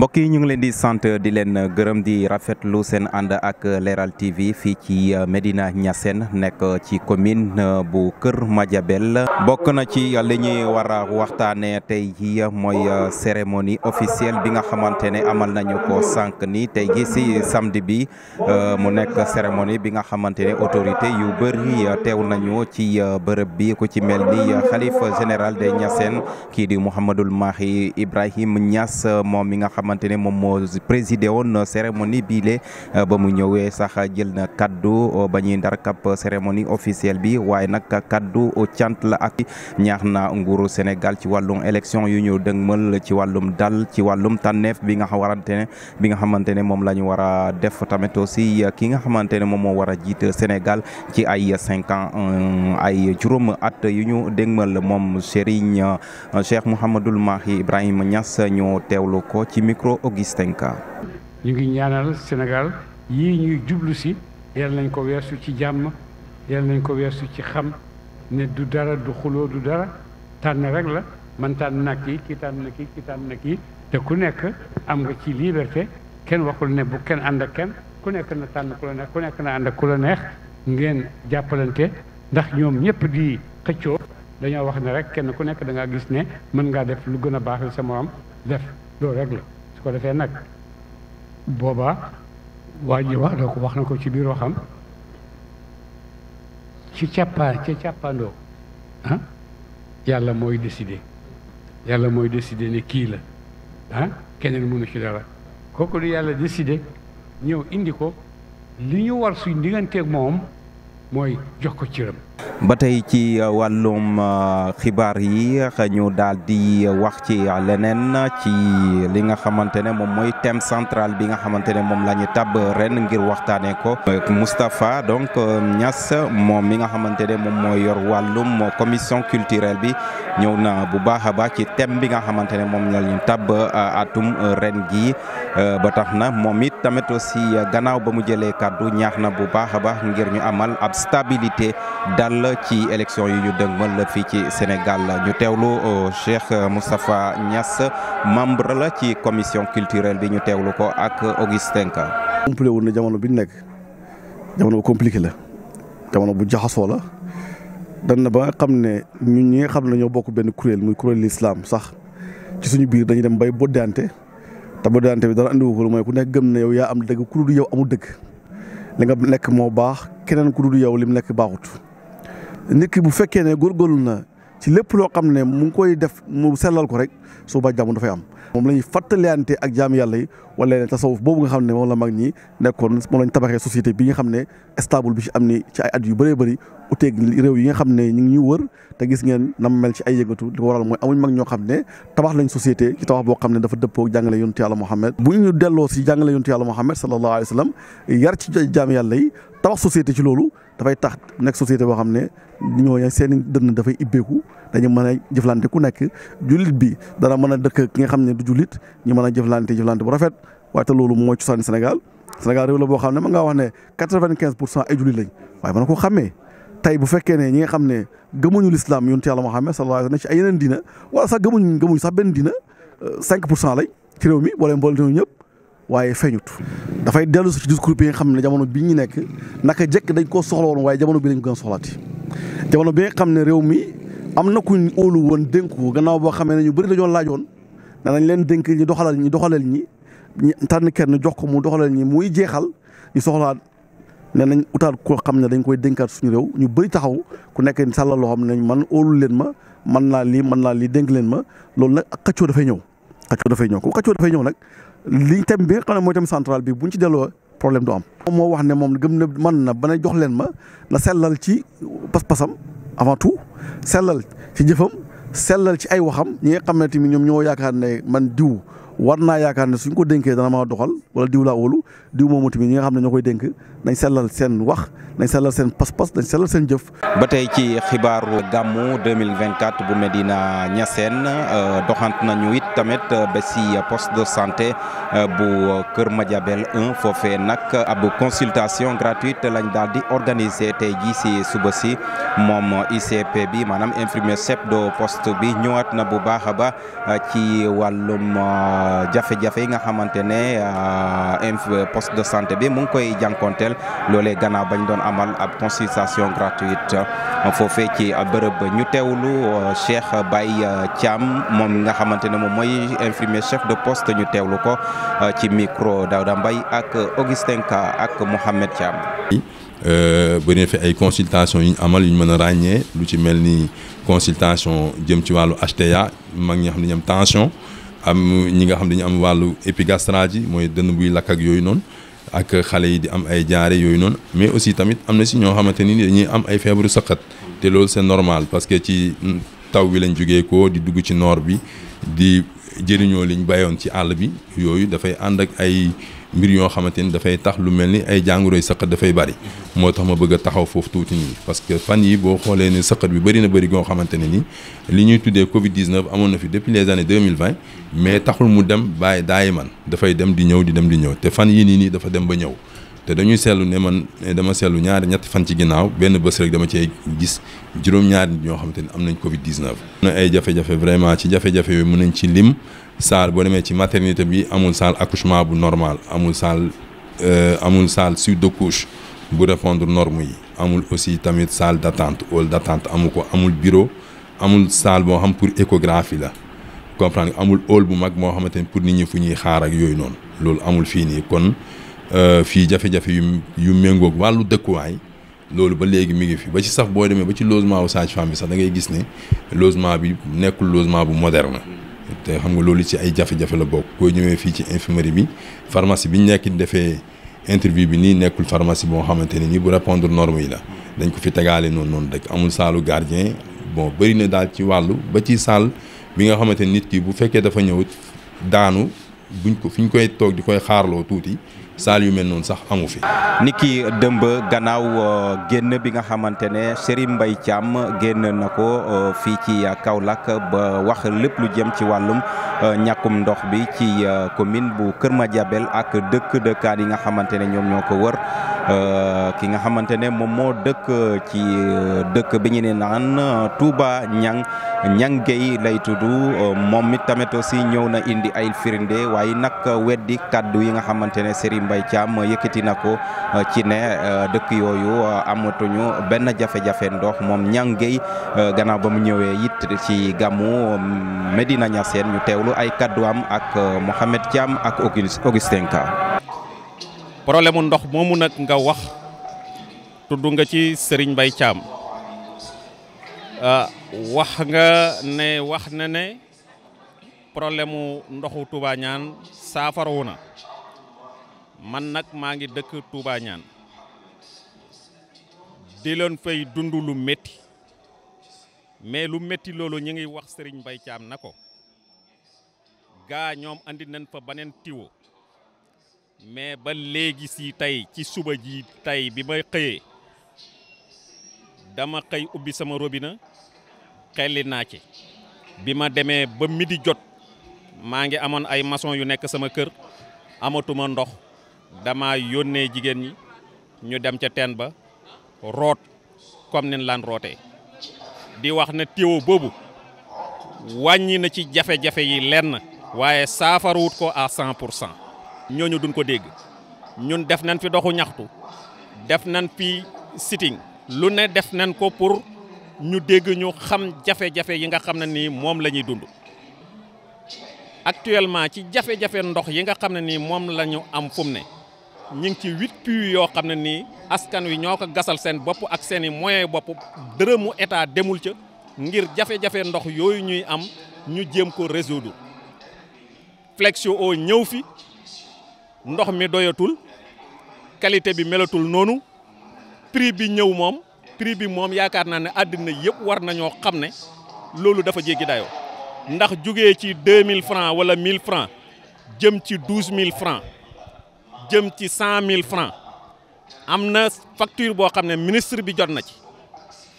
mbokk yi ñu ngi leen di sant di leen gërëm di rafetlu seen ànd ak Leral TV fii ci euh, Médina Niassène nekk euh, ci commune euh, bu Kër Madiabel bokk na ci li ñu war a waxtaanee tey jii mooy cérémonie officielle bi nga xamante ne amal nañu ko sànq ni tey jii si samedi bi mu nekk cérémonie bi nga xamante ne autorité yu bëri teew nañu ci bërëb bi ku ci mel ni xalif général des Niassène kii di Mouhamadul Mahi Ibrahim Niass moom mi nga xam xamante ne moom moo présidé woon cérémonie bii lee euh, ba mu ñëwee sax jël na kaddu euh, ba ñuy ndar kap cérémonie officielle bi waaye nag kaddu cant la ak ñaax na nguuru Sénégal ci wàllum élection yu ñu dëgmal ci wàllum dal ci wàllum tànneef bi nga warante ne bi nga xamante ne moom la ñu war a def tamit aussi euh, ki nga xamante ne moom moo war a jiite Sénégal ci ay cinq ans ay juróom at yu ñu dégmal moom Serigne Cheikh Mouhamadoul Mahi Ibrahima Niass ñoo teewlu micro Augustin Ka ñu ngi ñaanal senegal yii ñuy jublu si yal nañ ko weesu ci jàmm yal nañ ko weesu ci xam ne du dara du xuloo du dara tànn rek la man tànn na yi kii tànn na kii kii tànn na kii te ku nekk am nga ci liberté kenn waxul ne bu kenn ànd ak kenn ku nekk na tànn ku la neex ku nekk na ànd ak ku la neex ngeen jàppalente ndax ñoom ñëpp di xëccoo dañoo wax ne rek kenn ku nekk da ngaa gis ne mën ngaa def lu gën a baax li sa morom def loolu rek la ko defee nag booba waa ji wax na ko wax na ko ci biir waxam ci càppaa ca ah, yàlla mooy décidé yàlla mooy décidé ne kii la ah keneen mënu ci dara kooku lu yàlla décidé ñëw indi ko li ñu war suñ digganteeg moom mooy jox ko cëram ba tey ci wàllum euh, xibaar yi ñu daal di wax ci leneen ci li nga xamante ne moom mooy thème centrale bi nga xamante ne moom la ñu tab ren ngir waxtaanee ko Moustapha donc euh, Niass moom mi nga xamante ne moom mooy yor wàllum commission culturelle bi ñëw na bu baax a baax ci thème bi nga xamante ne moom la ñu tab euh, atum ren gi ba tax na moom it tamit aussi gannaaw ba mu jëlee kàddu ñaax na bu baax baax ngir ñu amal ab stabilité lan la ci élection yi ñu dëgmal la fii ci Sénégal ñu teewlu euh, Cheikh Moustapha Niass membre la ci commission culturelle di ñu teewlu ko ak Augustin Ka. complet wul na jamono bi ñu nekk jamono bu compliqué la jamono bu jaxasoo la dan na ba xam ne ñun ñi xam ne ñoo bokk benn kuréel muy kuréel lislaam sax ci suñu biir dañu dem bay boddante te boddante bi dara andiwu ko mooy ku nekk gëm na yow yaa am dëgg ku dul yow amul dëgg li nga nekk moo baax keneen ku dul li mu nekk baaxut. nit ki bu fekkee ne góorgóorlu na ci lépp loo xam ne mu ngi koy def mu sellal ko rek suba jàmm dafay am. moom lañuy ñuy fàttaliante ak jaam yàlla yi wala yeneen tasawuf boobu nga xam ne moom la mag ñi nekkoon moom lañ tabaxee société bi nga xam ne stable bi ci am ni ci ay at yu bëree bëri uteeg réew yi nga xam ne ñu ngi ñuy wër te gis ngeen nam mel ci ay yëngatu li ko waral mag ñoo xam ne tabax lañ société ci tabax boo ne dafa dëppoo jàngale yontu yàlla Muhammad bu ñu delloo si jàngale yontu yàlla Muhammad sallallahu alayhi wa sallam yar ci jaam yàlla yi tabax société ci loolu dafay tax nekk société boo xam ne ñooñu seen dënn dafay ibbeeku dañu mën a jëflante ku nekk jullit bi dana mën a dëkk ki nga xam ne du jullit ñu mën a jëflante jëflante bu rafet waaye te loolu mooy cosaani Sénégal Sénégal réew la boo xam ne mën ngaa wax ne quatre-vingt-quinze pour cent ay jullit lañ waaye mën na ko xàmmee tey bu fekkee ne ñi nga xam ne gëmuñu lislaam yonent yàlla Muhammad sallallahu alayhi wa sallam ci ay yeneen diina wala sax gëmuñ sax benn diina euh, cinq pour cent lañ ci réew mi wala mbooloo ñëpp waaye feeñut dafay dellu si bi nga xam ne jamono bii ñu nekk naka jëkk dañ ko soxla woon waaye jamono bi lañ ko gën soxlaati jamono bi nga xam ne réew mi am na kuñ óolu woon dénku gannaaw boo xamee ne ñu bëri la ñoo laajoon danañ leen dénk ñi doxalal ñi doxalal ñi tànn kenn jox ko mu doxalal ñi muy jeexal ñu soxlaat ne nañ utaat koo xam ne dañ koy dénkaat suñu réew ñu bëri taxaw ku nekk sàllal loo xam ne man óolul leen ma man naa lii man naa lii dénk leen ma loolu nag ak xëccoo dafay ñëw xëccoo dafay ñëw ko xëccoo dafay ñëw nag liñ tam bi nga xam ne central bi buñ ci delloo problème du am. moom moo wax ne moom gëm na man na ba ne jox leen ma na sellal ci pas-pasam avant tout sellal ci jëfam sellal ci ay waxam ñi nga xam ne tamit ñoom ñoo yaakaar ne man diw. war naa yaakaar ne suñ ko dénkee dana maa doxal wala diw laa wóolu diw moomu tamit ñi nga xam ne ñoo koy dénk nañ sellal seen wax nañ sellal seen pas-pas nañ sellal seen jëf. ba tey ci xibaaru gàmmu 2024 bu Medina Niassène euh, doxant ñu it tamit ba si poste de santé euh, bu Kër Madiabel 1 foofee nag ab consultation gratuite lañ daal di organiser tey jii si suba si moom ICP bi maanaam infirmier chef de poste bi ñëwaat na bu baax a baax euh, ci wàllum. jafe-jafe yi nga xamante ne euh, poste de santé bi mu ngi koy jànkonteel loolee gannaaw bañ doon amal ab consultation gratuite foofee ci bërëb ñu teewlu euh, Cheikh bay Thiam moom nga xamante ne moom mooy infirmier chef de poste ñu teewlu ko euh, ci micro Daouda Mbaye ak Augustin Ka ak Mohamed Thiam. bu ñu defee ay consultation yu ñu amal yu ñu mën a ràññee lu ci mel ni consultation jëm ci wàllu HTA mag ñi xam ne ñoom tension. am ñi nga xam dañu am wàllu épigastralgie mooy dënn buy lakk ak yooyu noonu ak xale yi di am ay jaare yooyu noonu mais aussi tamit am na si ñoo xamante ni dañuy am ay feebaru saqat te loolu c'est normal parce que ci taw bi lañ jógee di dugg ci noor bi di jëriñoo liñ bayoon ci àll bi yooyu dafay ànd ak ay mbir yoo xamante ni dafay tax lu mel ni ay jàngoroy sëqat dafay bari moo tax ma bëgg a taxaw foofu tuuti nii parce que fan yi boo xoolee ne sëqat bi bëri na bëri goo xamante ne ni li ñuy tuddee Covid 19 amoon na fi depuis les années 2020 mais taxul mu dem bàyyi daay man dafay dem di ñëw di dem di ñëw te fan yi nii nii dafa dem ba ñëw te dañuy seetlu ne man dama seetlu ñaari ñetti fan ci ginnaaw benn bës rek dama cee gis juróom-ñaari nit ñoo xamante ni am nañ Covid 19. na ay jafe-jafe vraiment ci jafe-jafe yooyu mën nañ ci lim saal boo demee ci maternité bi amul saal accouchement bu normal amul saal euh, amul saal suite de couche bu répondre norme yi amul aussi tamit salle d' attente hall d' attente amu ko amul bureau amul salle boo xam pour échographie la. comprendre amul hall bu mag moo xamante ni pour nit ñi fu ñuy xaar ak yooyu noonu loolu amul fii nii kon. Euh, fii jafe-jafe yu yu méngoog wàllu dëkkuwaay loolu ba léegi mu ngi fi ba ci sax boo demee ba ci logement wu sage-femme bi sax da ngay gis ne logement bi nekkul logement bu moderne te xam nga loolu ci ay jafe-jafe la bokk boo ñëwee fii ci infirmerie bi pharmacie bi ñu nekk defee interview bi nii nekkul pharmacie boo xamante ne nii bu répondre norme yi la dañ ko fi tegaale noonu noonu dëkk amul saalu gardien bon bëri ne daal ci wàllu ba ci salle bi nga xamante nit ki bu fekkee dafa ñëw daanu buñ ko fi ñu koy toog di koy xaarloo tuuti saal yu mel noonu sax amu fi. ni ki dëmb gannaaw euh, génn bi nga xamante ne Serigne Mbaye Thiam génn na ko euh, fii ci Kaolack ba wax lépp lu jëm ci wàllum euh, ñàkkum ndox bi ci commune bu Kër ma Madiabel ak dëkk dëkkaan yi nga xamante ne ñoom ñoo ko wër. Euh, ki nga xamante ne moom moo dëkk ci euh, dëkk bi ñu ne naan euh, Touba Niang Niang Gueye lay tudd moom it tamit aussi ñëw na indi ay firinde waaye nag weddi kaddu yi nga xamante ne Serigne Mbaye Thiam yëkkati na ko ci ne dëkk yooyu amatuñu benn jafe-jafe ndox moom Niang Gueye gannaaw ba mu ñëwee it ci gàmmu Medina Niassène ñu teewlu ay kaddu am ak Mohamed Thiam ak Augustin Ka problème mu ndox moomu nag nga wax tudd nga ci Serigne Mbaye Thiam ah, wax nga ne wax na ne problème mu ndoxu tuubaañaan Niane saafarawu na man nag maa ngi dëkk tuubaañaan di loon fay dund lu métti mais lu métti loolu ñu ngi wax sëriñ Mbaye Thiam na ko gaa ñoom andi nañ fa beneen tiwo mais ba léegi si tey ci suba ji tey bi may xëyee dama xëy ubbi sama robinet xelli naa ci bi ma demee ba mi di jot maa ngi amoon ay maçon yu nekk sama kër amatuma ndox dama yónnee jigéen ñi ñu dem ca teen ba root comme nin lan rootee di wax na téwo boobu wàññi na ci jafe-jafe yi lenn waaye saafarawut ko à cent pour cent ñooñu duñ ko dégg ñun def nañ fi doxu ñaxtu def nañ fi sitting lu ne def nañ ko pour ñu dégg ñu xam jafe-jafe yi nga xam ne nii moom la ñuy dund actuellement ci jafe-jafe ndox yi nga xam ne nii moom lañu am fu ne ñu ngi ci huit puits yoo xam ne nii askan wi ñoo ko gasal seen bopp ak seeni i moyens bopp dërëmu état demul ca ngir jafe-jafe ndox yooyu ñuy am ñu jéem ko résoudre Flexio ñëw fi ndox mi doyatul qualité bi melatul noonu prix bi ñëw moom prix bi moom yaakaar naa ne àddina yëpp war nañoo xam ne loolu dafa jéggi dayoo ndax jugee ci 2000 francs wala 1000 francs jëm ci 12000 francs jëm ci 100000 francs am na facture boo xam ne ministre bi jot na ci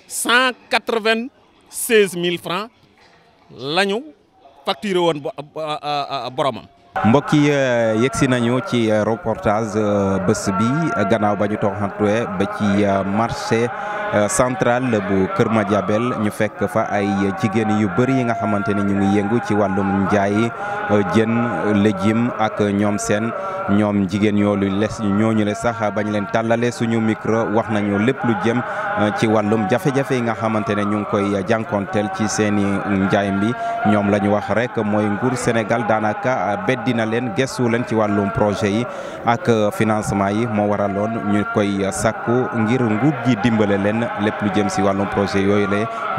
196000 francs la ñu facturé woon boromam. mbokk yi euh, si nañu ci euh, reportage euh, bës bi gannaaw ba ñu toxantwe ba ci marché. Euh, centrale bu Kër Madiabel ñu fekk fa ay jigéen yu bëri yi nga xamante ni ñu ngi yëngu ci wàllum njaay euh, jën légume ak ñoom seen ñoom jigéen yoolu les ñooñu le sax bañ leen tàllale suñu micro wax nañu lépp lu jëm euh, ci wàllum jafe-jafe yi nga xamante ne ñu ngi koy jànkonteel ci seen i njaay mbi ñoom la wax rek mooy nguur Sénégal daanaka beddina leen gëstu leen ci wàllum projet yi ak financement yi moo waraloon ñu koy sakku ngir nguur gi dimbale leen Pikine lépp lu jëm si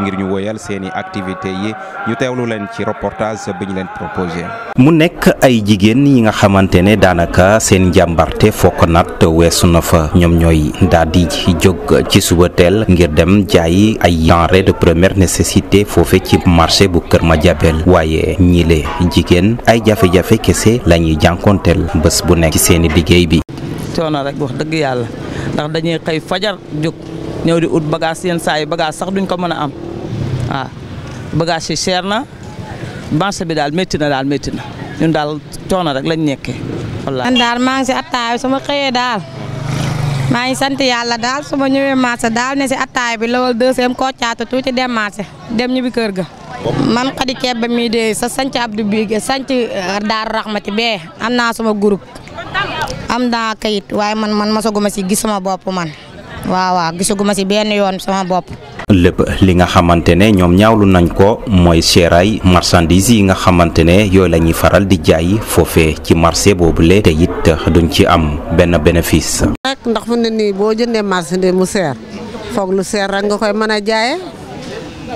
ngir ñu woyal seen i activité yi ñu teewlu leen ci reportage bi ñu leen proposé. mu nekk ay jigéen yi nga xamante ne daanaka seen jàmbarte fokk nat weesu na fa ñoom ñooy daal di jóg ci suba teel ngir dem jaayi ay denrées de première nécessité foofe ci marché bu Kër ma Madiabel waaye ñiile jigéen ay jafe-jafe kese la ñuy jànkoonteel bés bu nekk ci seeni liggéey bi. ñëw di ut bagage yenn saa yi bagage sax duñ ko mën a am waaw bagage yi cher na marché bi daal métti na daal métti na ñun daal coono rek lañ nekkee wallaahi. daal maa si attaay sama xëyee daal maa ngi sant yàlla daal su ma ñëwee marché daal ne si attaay bi lawal deuxième koccaatu tuuti dem marché dem ñibbi kër ga. man xadi kebba mii de sa sanc abdou bige sanc euh, daaru raxmati bee am naa sama groupe am naa kayit waaye man man masaguma si gis sama bopp man waaw waaw gisaguma ci benn yoon sama bopp. lépp li nga xamante ne ñoom ñawlu nañ ko mooy seeraay marchandise yi nga xamante ne yooyu la ñuy faral di jaay foofee ci marché boobule te it duñ ci am benn bénéfice. rek ndax fu ne nii boo jëndee marchandise mu seer foog lu seer rek nga koy mën a jaayee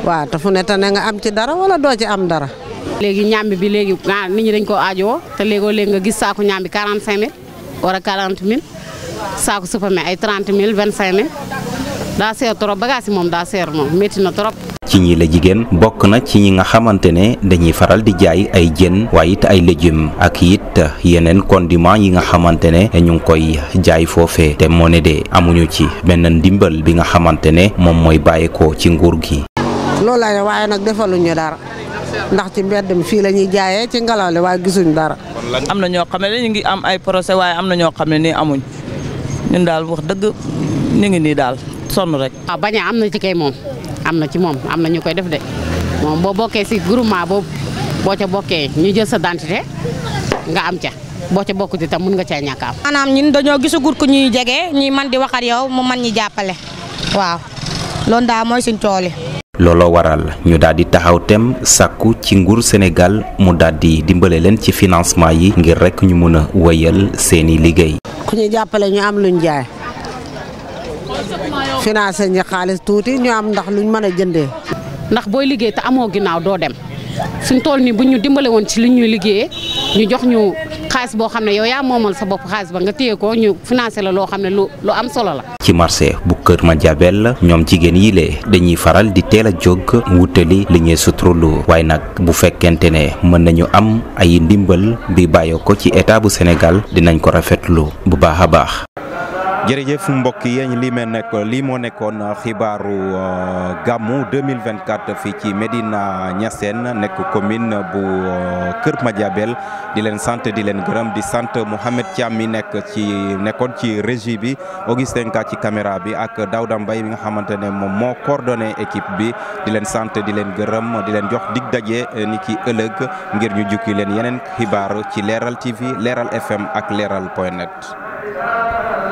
waaw te fu ne tane nga am ci dara wala doo ci am dara. léegi ñàmbi bi léegi ah, nit ñi dañ ko aajoo te léegoo léegi nga gis saako ñàmbi 45 mille wala 40 mille. saako supame ay 30 mille 25 mille daa seer trop bagage yi moom daa seer moom métti na trop. ci ñi la jigéen bokk na ci ñi nga xamante ne dañuy faral di jaay ay jën waaye it ay légumes ak it yeneen condiments yi nga xamante ne ñu ngi koy jaay foofee te moo ne de amuñu ci benn ndimbal bi nga xamante ne moom mooy bàyyeekoo ci nguur gi. loolu waaye nag defaluñu dara ndax ci mbedd mi fii la ñuy jaayee ci ngelaw li waaye gisuñu dara. am na ñoo xam ne ñu ngi am ay procès am na ñoo xam ne nii amuñ. ñun daal wax dëgg ñu ngi nii daal sonn rek. waaw ah, bañ am na ci kay moom am na ci moom am na ñu koy def de moom boo bokkee si groupement boobu boo ca bokkee ñu jël sa dentité nga am ca. boo ca bokk di tam mun nga caa ñàkk am. maanaam ñun dañoo gisagut ko ñuy jege ñuy man di wax ak yow mu man ñi jàppale. waaw loolu daal mooy suñ tool looloo waral ñu daal di taxaw tem sàkku ci nguur Sénégal mu daal di dimbale leen ci financement yi ngir rek ñu mun a wëyal seeni liggéey. ku ñu jàppale ñu am luñ jaay financé ñi xaalis tuuti ñu am ndax luñ mën a jëndee. ndax booy liggéey te amoo ginnaaw doo dem suñ tool nii buñ ñu dimbale ci li ñuy liggéeyee. ñu jox ñu xaalis boo xam ne yow yaa moomal sa bopp xaas ba nga téye ko ñu financé la loo xam ne lu lu am solo la. ci marché bu Kër ma Madiabel ñoom jigéen yi dañuy faral di teel a jóg wutali li ñuy suturlu waaye nag bu fekkente ne mën nañu am ay ndimbal bi bàyyoo ko ci état bu Sénégal dinañ ko rafetlu bu baax a baax. jërëjëf mbokk yeeñ lii mee nekk lii moo nekkoon xibaaru euh, gàmmu 2024 fii ci Médina Niassène nekk commune bu euh, Kër Madiabel di leen sant di leen gërëm di sant Mouhamed Thiam mi nekk ci nekkoon ci régie bi Augustin Ka ci caméra bi ak Daouda mbay mi nga xamante ne moom moo coordonné équipe bi di leen sant di leen gërëm di leen jox dig daje euh, ni ki ëllëg ngir ñu jukki leen yeneen xibaar ci leeral TV leeral FM ak leeral point net